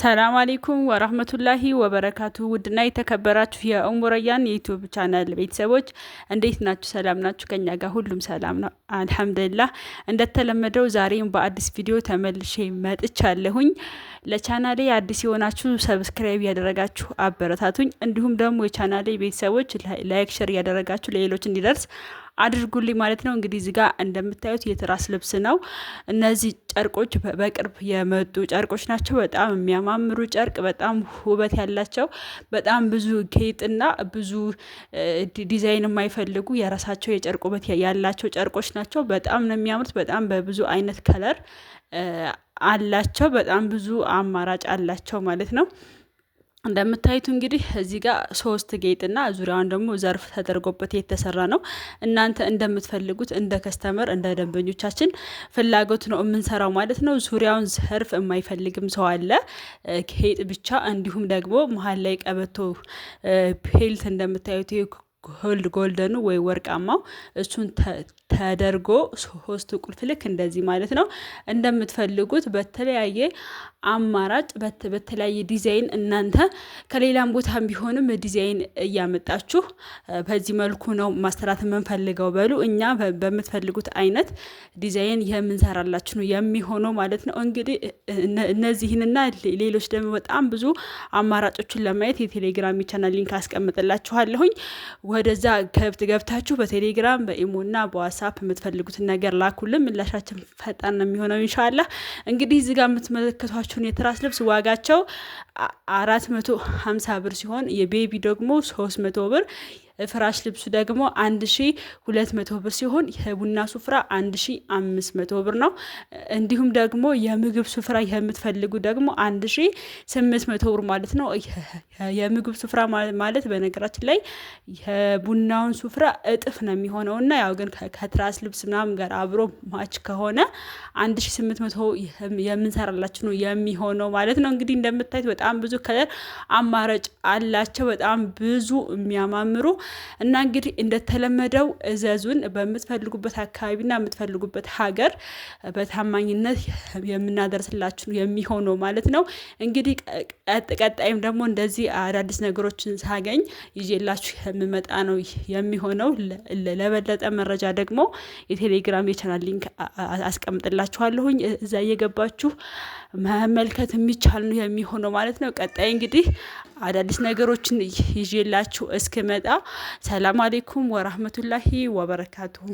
ሰላም አሌይኩም ወራህመቱላሂ ወበረካቱ ውድና የተከበራችሁ የኡሙረያን የዩቱብ ቻናል ቤተሰቦች እንዴት ናችሁ? ሰላም ናችሁ? ከኛ ጋር ሁሉም ሰላም ነው አልሐምዱሊላህ። እንደተለመደው ዛሬም በአዲስ ቪዲዮ ተመልሼ መጥቻለሁኝ። ለቻናሌ አዲስ የሆናችሁ ሰብስክራይብ ያደረጋችሁ አበረታቱኝ። እንዲሁም ደግሞ የቻናሌ ቤተሰቦች ላይክ፣ ሸር እያደረጋችሁ ለሌሎች እንዲደርስ አድርጉልኝ ማለት ነው። እንግዲህ እዚጋ እንደምታዩት የትራስ ልብስ ነው። እነዚህ ጨርቆች በቅርብ የመጡ ጨርቆች ናቸው። በጣም የሚያማምሩ ጨርቅ፣ በጣም ውበት ያላቸው፣ በጣም ብዙ ጌጥና ብዙ ዲዛይን የማይፈልጉ የራሳቸው የጨርቅ ውበት ያላቸው ጨርቆች ናቸው። በጣም ነው የሚያምሩት። በጣም በብዙ አይነት ከለር አላቸው። በጣም ብዙ አማራጭ አላቸው ማለት ነው። እንደምታዩት እንግዲህ እዚህ ጋር ሶስት ጌጥና ዙሪያውን ደግሞ ዘርፍ ተደርጎበት የተሰራ ነው። እናንተ እንደምትፈልጉት እንደ ከስተመር እንደ ደንበኞቻችን ፍላጎት ነው የምንሰራው ማለት ነው። ዙሪያውን ዘርፍ የማይፈልግም ሰው አለ፣ ጌጥ ብቻ። እንዲሁም ደግሞ መሀል ላይ ቀበቶ ፔልት እንደምታዩት ጎልድ ጎልደኑ ወይ ወርቃማው እሱን ተደርጎ ሶስቱ ቁልፍ ልክ እንደዚህ ማለት ነው። እንደምትፈልጉት በተለያየ አማራጭ በተለያየ ዲዛይን እናንተ ከሌላም ቦታም ቢሆንም ዲዛይን እያመጣችሁ በዚህ መልኩ ነው ማሰራት የምንፈልገው በሉ እኛ በምትፈልጉት አይነት ዲዛይን የምንሰራላችሁ ነው የሚሆነው ማለት ነው። እንግዲህ እነዚህንና ሌሎች ደግሞ በጣም ብዙ አማራጮችን ለማየት የቴሌግራም ቻናል ሊንክ አስቀምጥላችኋለሁኝ። ወደዛ ከብት ገብታችሁ በቴሌግራም በኢሞና በዋትሳፕ የምትፈልጉትን ነገር ላኩልን። ምላሻችን ፈጣን ነው የሚሆነው ኢንሻላ። እንግዲህ እዚህ ጋር የምትመለከቷችሁን የትራስ ልብስ ዋጋቸው አራት መቶ ሀምሳ ብር ሲሆን የቤቢ ደግሞ ሶስት መቶ ብር ፍራሽ ልብሱ ደግሞ 1200 ብር ሲሆን የቡና ሱፍራ 1500 ብር ነው። እንዲሁም ደግሞ የምግብ ሱፍራ የምትፈልጉ ደግሞ 1800 ብር ማለት ነው። የምግብ ሱፍራ ማለት በነገራችን ላይ የቡናውን ሱፍራ እጥፍ ነው የሚሆነው እና ያው ግን ከትራስ ልብስ ምናምን ጋር አብሮ ማች ከሆነ 1800 የምንሰራላችሁ ነው የሚሆነው ማለት ነው። እንግዲህ እንደምታዩት በጣም ብዙ ከለር አማራጭ አላቸው። በጣም ብዙ የሚያማምሩ እና እንግዲህ እንደተለመደው እዘዙን። በምትፈልጉበት አካባቢና የምትፈልጉበት ሀገር በታማኝነት የምናደርስላችሁ የሚሆነው ማለት ነው። እንግዲህ ቀጣይም ደግሞ እንደዚህ አዳዲስ ነገሮችን ሳገኝ ይዤላችሁ የምመጣ ነው የሚሆነው። ለበለጠ መረጃ ደግሞ የቴሌግራም የቻናል ሊንክ አስቀምጥላችኋለሁኝ እዛ እየገባችሁ መመልከት የሚቻል ነው የሚሆነው ማለት ነው። ቀጣይ እንግዲህ አዳዲስ ነገሮችን ይዤላችሁ እስክመጣ ሰላም አሌይኩም ወራህመቱላሂ ወበረካቱሁ።